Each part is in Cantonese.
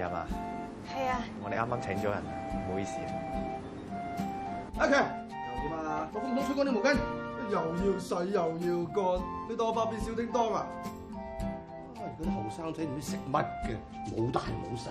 係嘛？係啊！我哋啱啱請咗人，唔好意思啊！阿強，又點啊？我唔通吹乾啲毛巾，又要洗又要乾，你當百變小叮當啊？啊！嗰啲後生仔唔知食乜嘅，冇大冇細。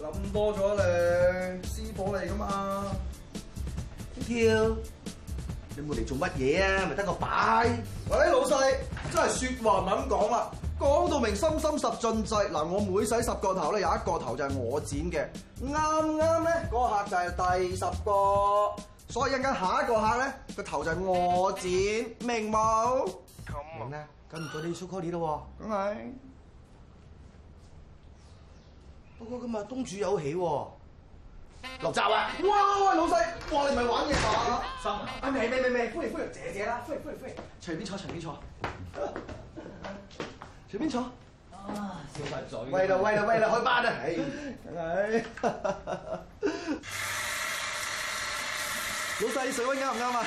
諗多咗你，師傅嚟噶嘛？Q，Thank you. 你嚟做乜嘢啊？咪得個擺？喂，老細，真係説話唔肯講啦，講到明心心十進制嗱，我每洗十個頭咧，有一個頭就係我剪嘅。啱啱咧嗰個客就係第十個，所以依家下一個客咧，個頭就係我剪，明冇？咁我咧，咁唔早啲出 call 咯喎。梗係、啊。我今日東主有喜喎，落閘啦！哇，老細，哇，你唔係玩嘢嘛？唔係唔係唔係，歡迎歡迎，謝謝啦，歡迎歡迎歡迎，隨便坐隨便坐，隨便坐。啊，笑快嘴！喂啦喂啦喂啦開班啦，唉、啊，哎、哈哈老細水溫啱唔啱啊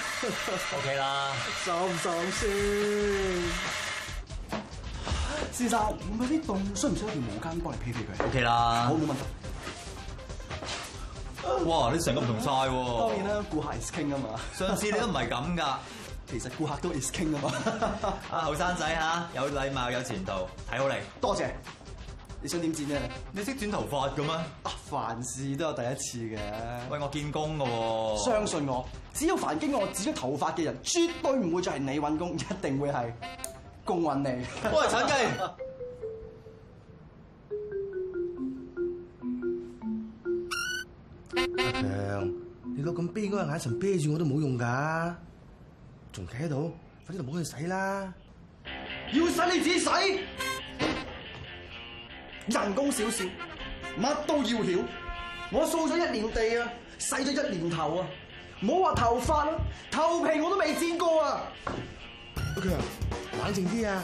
？OK 啦，爽唔爽先？先生，會唔會啲凍？需唔需要一條毛巾幫你披一披佢？O K 啦，我冇吧問題。哇，你成個唔同晒喎！當然啦，顧客 is king 啊嘛。上次你都唔係咁㗎，其實顧客都 is king 啊嘛。 啊，後生仔吓，有禮貌有前途，睇好你。多謝。你想點剪咧？你識剪頭髮嘅咩？啊，凡事都有第一次嘅。喂，我見工嘅喎、啊。相信我，只要凡經過我剪咗頭髮嘅人，絕對唔會再係你揾工，一定會係。共運你，喂，陳記。阿強，你攞咁悲哀嘅眼神啤住我都冇用㗎，仲企喺度，快啲就唔好去洗啦。要洗你自己洗， 人工少少，乜都要了。我掃咗一年地啊，洗咗一年頭啊，唔好話頭髮啦，頭皮我都未剪過啊。OK。冷靜啲啊！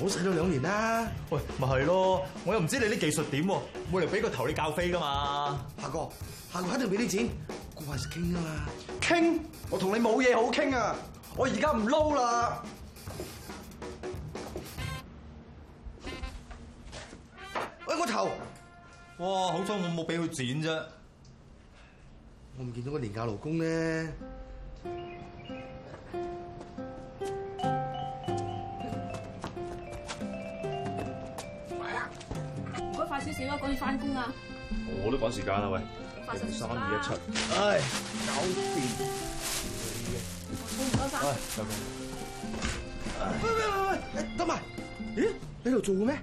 我使咗兩年啦。喂，咪係咯，我又唔知你啲技術點，我嚟俾個頭你教飛噶嘛。下個，下個，肯定俾你錢，我話是傾啦。傾？我同你冇嘢好傾啊！我而家唔撈啦。喂，個頭！哇，好彩我冇俾佢剪啫。我唔見到個廉價勞工咧。少少啦，趕住翻工啊！我都趕時間啦，喂！三二一七，唉，搞掂，好喂，收工。喂喂喂喂，等埋？咦，你喺度做嘅咩？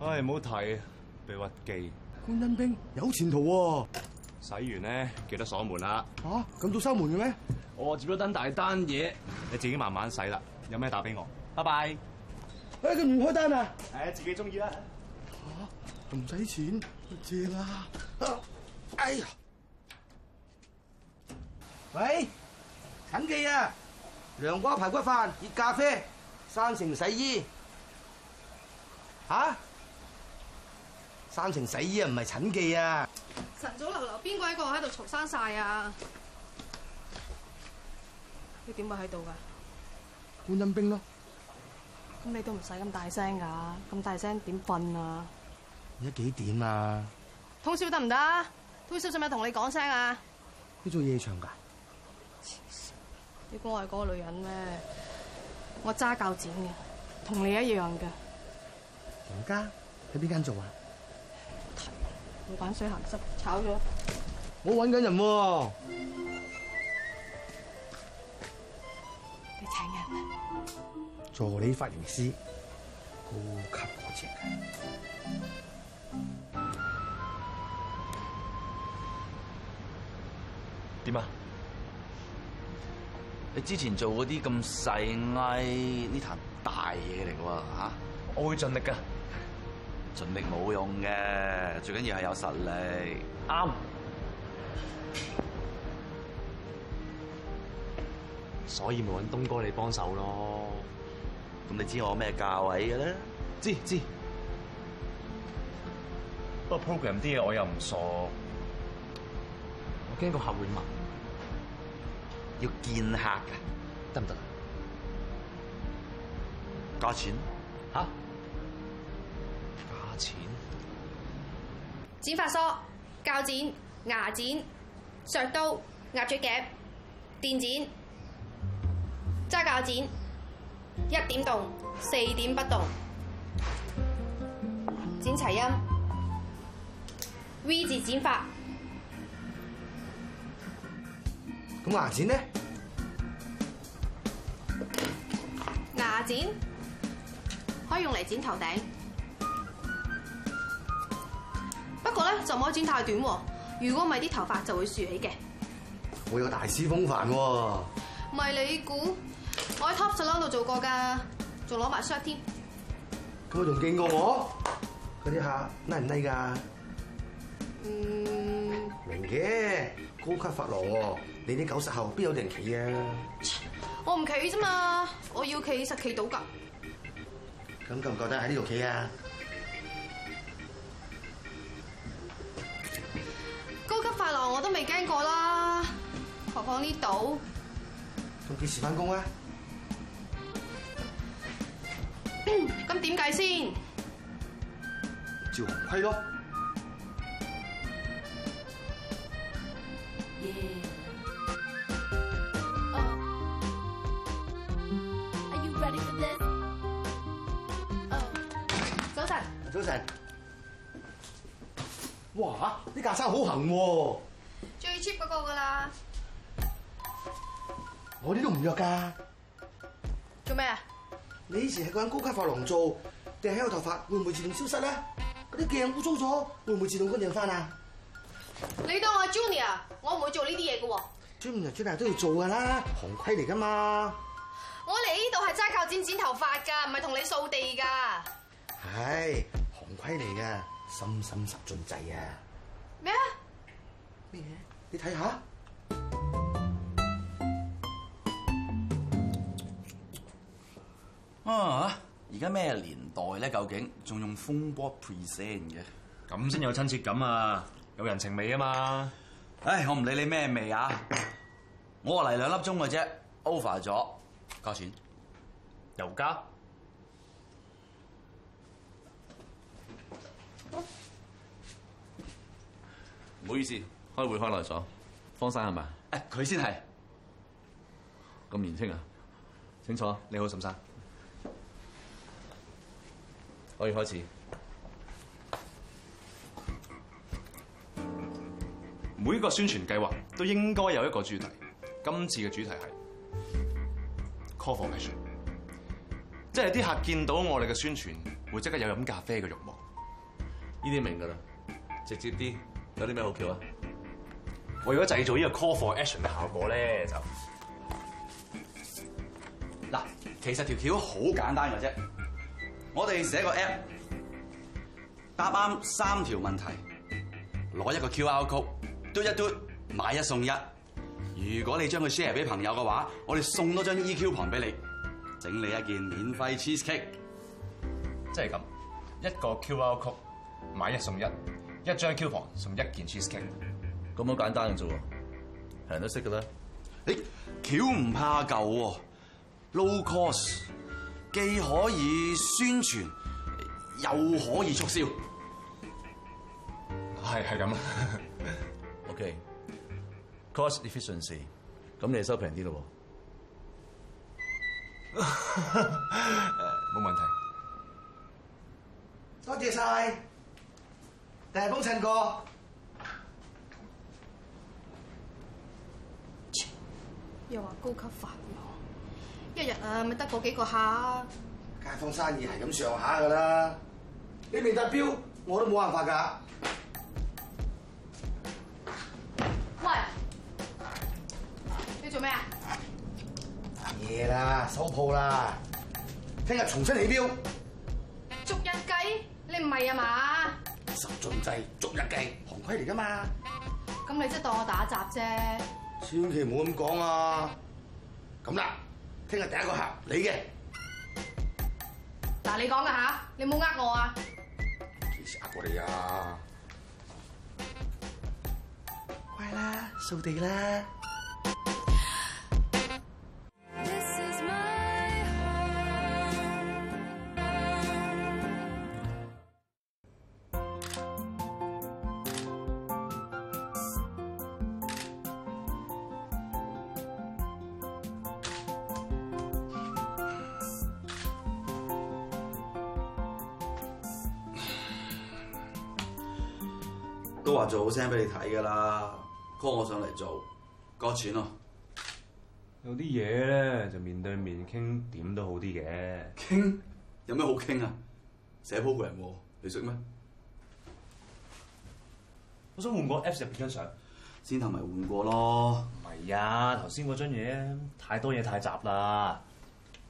唉，唔好睇，被屈機。觀音兵有前途喎！洗完咧，記得鎖門啦。吓？咁都收門嘅咩？我接咗單大單嘢，你自己慢慢洗啦。有咩打俾我，拜拜。唉，佢唔開單啊！唉，自己中意啦。唔使錢正啊！哎呀，喂，陳記啊！涼瓜排骨飯，熱咖啡，三成洗衣！吓？三成洗衣啊，唔係陳記啊！晨早流流邊個喺個喺度嘈生晒啊？你點會喺度㗎？觀音兵咯，咁你都唔使咁大聲㗎，咁大聲點瞓啊？而家幾點啊？通宵得唔得？通宵使唔使同你講聲啊？你做夜場噶？黐線！你估我係嗰個女人咩？我揸鉸剪嘅，同你一樣嘅。人家間行家喺邊間做啊？我玩水行濕炒咗。我搵緊人。你請人啊？助理髮型師，高級嗰隻。嗯點啊樣？你之前做嗰啲咁細埃，呢壇大嘢嚟嘅喎，吓！我會盡力㗎，盡力冇用嘅，最緊要係有實力。啱，所以咪揾東哥你幫手咯。咁你知我咩價位嘅咧？知知。個 program 啲嘢我又唔傻，我驚個客會問，要見客㗎，得唔得啊？價錢吓？價錢？啊、價錢剪髮梳、鉸剪，剪、牙剪、削刀、壓住夾、電剪、揸鉸剪，剪，剪，剪，剪，一點動，四點不動，剪齊音。V 字剪髮，咁牙剪呢？牙剪可以用嚟剪頭頂，不過咧就唔可以剪太短喎。如果唔係啲頭髮就會豎起嘅。會有大師風範喎、啊。唔係你估，我喺 Top Salon 度做過噶，仲攞埋 shirt 添。咁我仲見過我？嗰啲客拉唔拉噶？立不立不立嗯，明嘅，高級髮廊喎，你啲九十後邊有人企啊？我唔企啫嘛，我要企實企到噶。咁夠唔夠膽喺呢度企啊？高級髮廊我都未驚過啦，何況呢度。咁幾時翻工啊？咁點解先？ 照規咯。行喎，最 cheap 嗰個噶啦，我呢都唔弱噶。做咩啊？你以前喺個間高級髮廊做，定喺個頭髮會唔會自動消失咧？嗰啲鏡污糟咗，會唔會自動乾淨翻啊？你當我 Junior，我唔會做呢啲嘢嘅喎。Junior、Junior 都要做噶啦，行規嚟噶嘛。我嚟呢度係齋靠剪剪頭髮㗎，唔係同你掃地㗎。係、哎、行規嚟嘅，心心十進制啊！咩？咩？你睇下啊！而家咩年代咧？究竟仲用風波 present 嘅？咁先有親切感啊，有人情味啊嘛！唉，我唔理你咩味啊！我話嚟兩粒鐘嘅啫，over 咗，價錢又加。唔好意思，開會開耐咗。方生係咪？誒，佢先係。咁年青啊！請坐，你好，沈生。可以開始。每個宣傳計劃都應該有一個主題。今次嘅主題係 Call for Action。即係啲、就是、客見到我哋嘅宣傳，會即刻有飲咖啡嘅慾望。呢啲明噶啦，直接啲。有啲咩好橋啊？我如果製造呢個 call for action 嘅效果咧，就嗱，其實條條好簡單嘅啫。我哋寫個 app，答啱三條問題，攞一個 QR Code，嘟一嘟，買一送一。如果你將佢 share 俾朋友嘅話，我哋送多張 EQ 盤俾你，整理一件免費 cheesecake。即係咁，一個 QR Code，買一送一。一張 Q 房，甚至一件 cheesecake，咁好簡單嘅啫喎，人都識㗎啦。誒，橋唔怕舊喎，low cost 既可以宣傳，又可以促銷。係，係咁啦。OK，cost efficiency，咁你收平啲咯喎。誒，冇問題。多謝晒。大風陳喎，又話高級髮廊，一日啊咪得嗰幾個客。街坊生意係咁上下噶啦，你未達標，我都冇辦法噶。喂，你做咩啊？夜啦，收鋪啦，聽日重新起標。逐日計？你唔係啊嘛？十進制逐日計，行規嚟噶嘛？咁你即係當我打雜啫。千祈唔好咁講啊！咁啦，聽日第一個客，你嘅，嗱，你講嘅吓，你冇呃、啊、我啊！幾時呃過你啊？乖啦，掃地啦。都話做好聲俾你睇噶啦，call 我上嚟做，割錢咯。有啲嘢咧就面對面傾，點都好啲嘅。傾有咩好傾啊？寫 program 你識咩？我想換個 apps 入面張相，先頭咪換過咯。唔係啊，頭先嗰張嘢太多嘢太雜啦，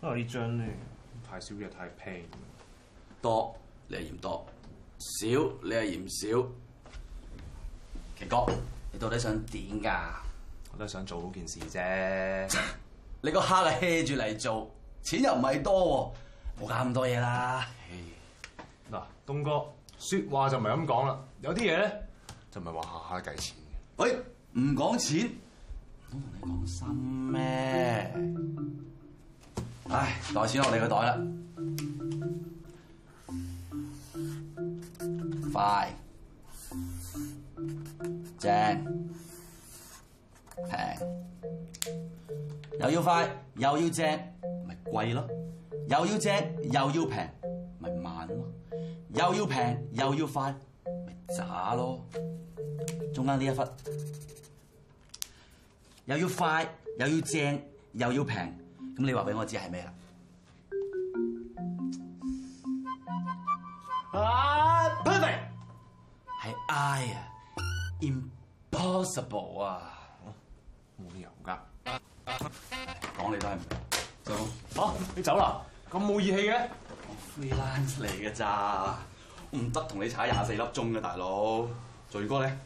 不過呢張咧太少嘢太平。多你係嫌多，少你係嫌少。哥，你到底想點㗎？我都係想做好件事啫。 你個蝦嚟 hea 住嚟做，錢又唔係多，冇搞咁多嘢啦。嗱你，東哥，説話就唔係咁講啦，有啲嘢咧就唔係話下下計錢嘅。喂，唔講錢，我同你講心咩？ 唉，錢袋錢落你個袋啦，快。 正平，又要快又要正，咪貴咯；又要正又要平，咪慢咯；又要平又要快，咪渣咯。中間呢一忽又要快又要正又要平，咁你話俾我知係咩啦？啊、ah,，perfect，係 I 啊 Possible 啊，冇理由噶，講你都係唔明。嚇，你走啦，咁冇義氣嘅。我 freelance 嚟嘅咋，唔得同你踩廿四粒鐘嘅大佬。聚哥咧，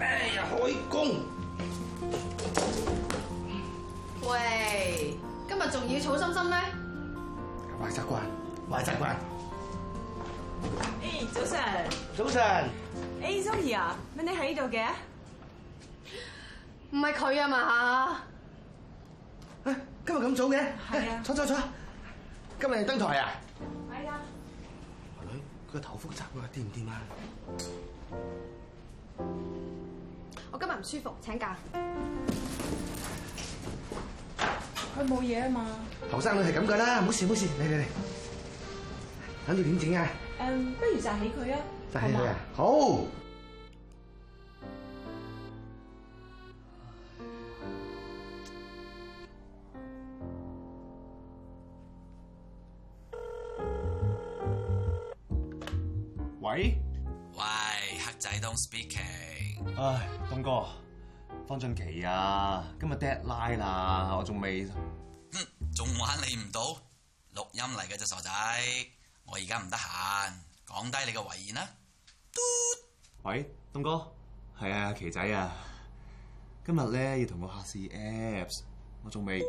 哎呀，開工！喂，今日仲要草心心咩？壞習慣，壞習慣。誒、hey, 早晨上，hey, Zoe, hey, 早晨。誒 Zoe 啊，乜你喺呢度嘅？唔係佢啊嘛吓？今日咁早嘅？係啊，坐坐坐，今日登台啊？係啊，女，佢個頭複雜啊，掂唔掂啊？我今日唔舒服，請假。佢冇嘢啊嘛？後生女係咁噶啦，冇事冇事，嚟嚟嚟。等佢點整啊？嗯，um, 不如就起佢啊！起佢啊！好嗎？好。喂喂，黑仔，don't speaking。唉，東哥，方駿麒啊，今日 deadline 啦，啊，我仲未。嗯，仲玩你唔到？錄音嚟嘅啫，傻仔。我而家唔得閒，講低你個遺言啦。喂，東哥，係啊，麒仔啊，今日咧要同我測試 Apps，我仲未。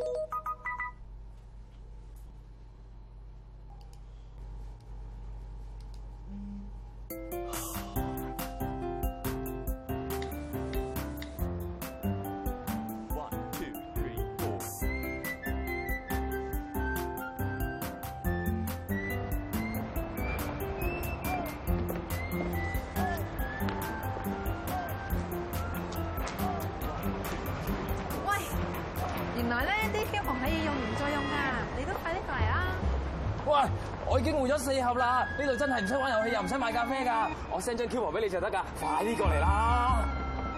就真係唔使玩遊戲，又唔使買咖啡噶，我 send 張 coupon 俾你就得噶， 快啲過嚟啦！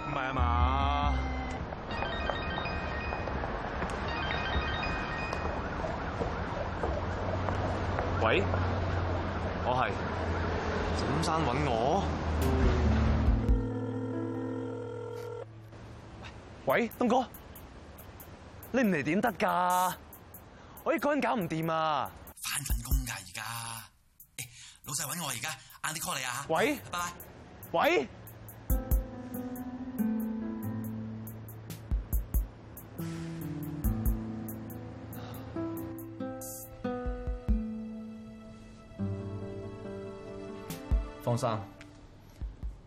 唔係啊嘛？喂，我係沈生揾我。喂，東哥，你唔嚟點得噶？我一個人搞唔掂啊！老細揾我而家，晏啲 call 你啊！喂，拜拜。喂，方生，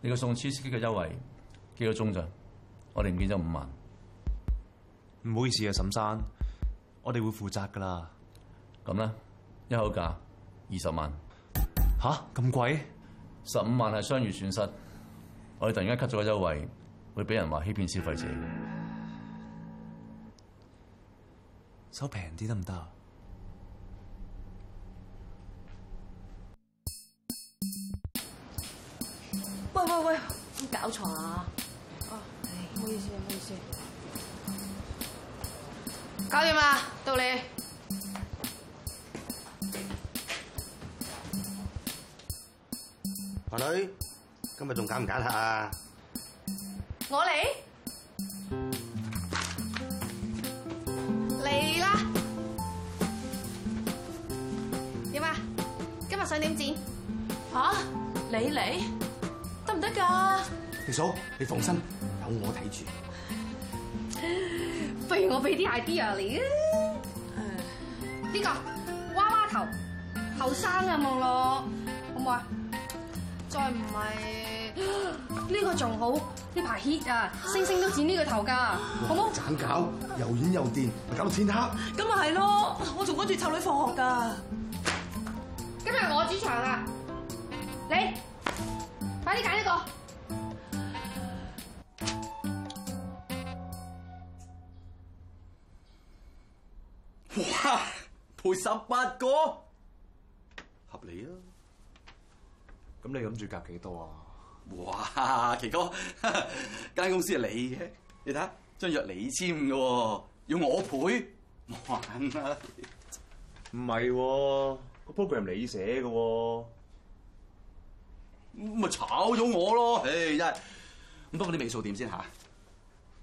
你個送車機嘅優惠幾多鐘咋？我哋唔見咗五萬，唔好意思啊，沈生，我哋會負責噶啦。咁啦，一口價二十萬。吓，咁、啊、貴？十五萬係商業損失，我哋突然間 cut 咗個優惠，會俾人話欺騙消費者。收平啲得唔得？喂喂喂！唔搞錯啊！啊、哦，唔唉好意思，唔好意思。嗯、搞掂喇，到你。阿女，今日仲剪唔剪下啊？我嚟、嚟啦！點啊？今日想點剪？吓，你嚟得唔得噶？二嫂，你放心，有我睇住。不如我俾啲 idea 你啊？呢個娃娃頭，後生啊，望落，好唔好啊？再唔係呢個仲好，呢排 hit 啊，星星都剪呢個頭噶，好冇？斬搞，又軟又墊，搞到天黑。咁咪係咯，我仲趕住湊女放學噶，今日我主場啊！你快啲揀一個。哇，賠十八個，合理啊！咁你諗住夾幾多啊？哇，奇哥，哈哈間公司係你嘅，你睇下張約你簽嘅喎，要我賠？玩啊！唔係喎，個 program 你寫嘅喎、啊，咪炒咗我咯！誒、欸，一係咁，不過啲尾數點先吓、啊！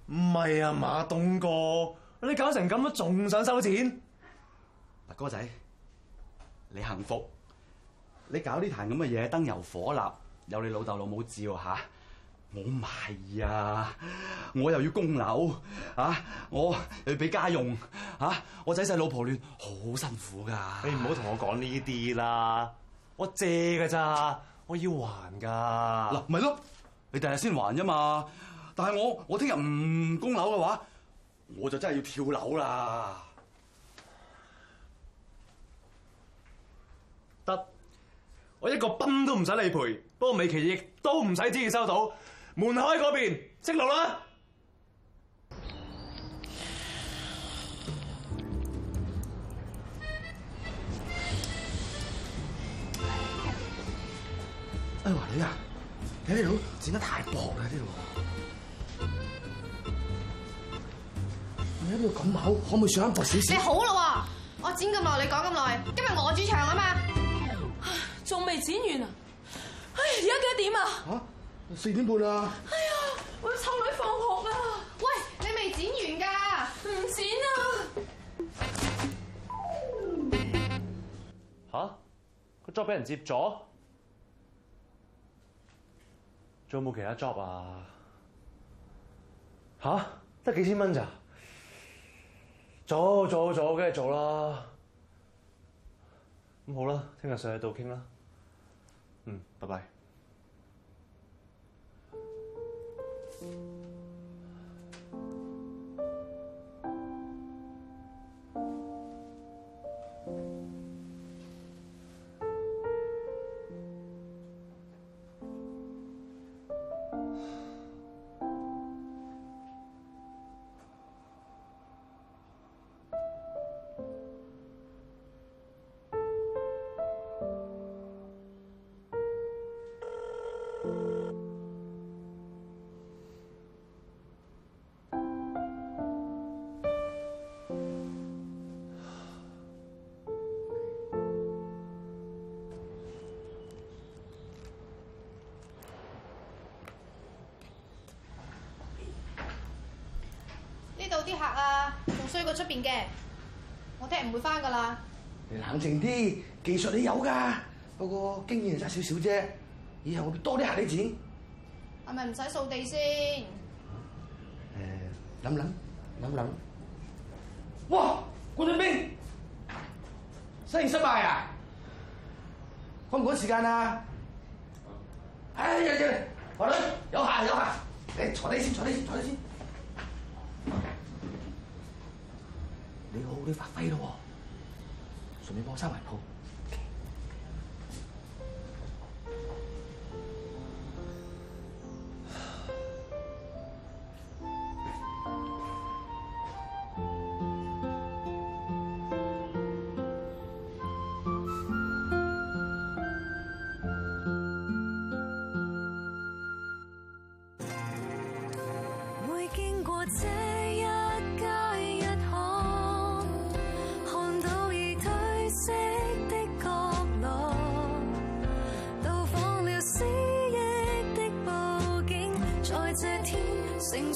唔係啊，馬東哥，嗯、你搞成咁都仲想收錢？阿哥仔，你幸福？你搞呢壇咁嘅嘢，燈油火蠟，有你老豆老母照嚇，冇唔係啊！我又要供樓嚇、啊，我又俾家用嚇、啊，我仔細老婆亂，好辛苦噶。你唔好同我講呢啲啦， 我借㗎咋，我要還㗎。嗱，咪咯，你第日先還啫嘛。但係我我聽日唔供樓嘅話，我就真係要跳樓啦。得。我一個分都唔使你賠，不過美琪亦都唔使錢收到。門開嗰邊，識路啦！哎呀，女啊，你呢度剪得太薄啦，呢度。你呢度咁厚，可唔可以上一薄少少？你好啦，我剪咁耐，你講咁耐，今日我主場啊嘛。仲未剪完？哎、啊！唉，而家幾點啊？吓，四點半啊！哎呀，我要臭女放學啊！喂，你未剪完噶？唔剪啊！吓，個 job 俾人接咗？仲有冇其他 job 啊？吓，得幾千蚊咋？早，早，早，梗係做啦。咁好啦，聽日上去度傾啦。嗯，拜拜。呢度啲客啊，仲衰過出邊嘅。我聽日唔會翻噶啦。你冷靜啲，技術你有噶，不過經驗差少少啫。以後我多啲客啲錢。係咪唔使掃地先？誒、嗯，諗諗，諗諗。哇！灌水兵，實驗失敗啊！趕唔趕時間啊？啊！哎呀呀，何女有客有客，你坐低先，坐低先，坐低先。你好好啲發揮咯，順便幫我收埋鋪。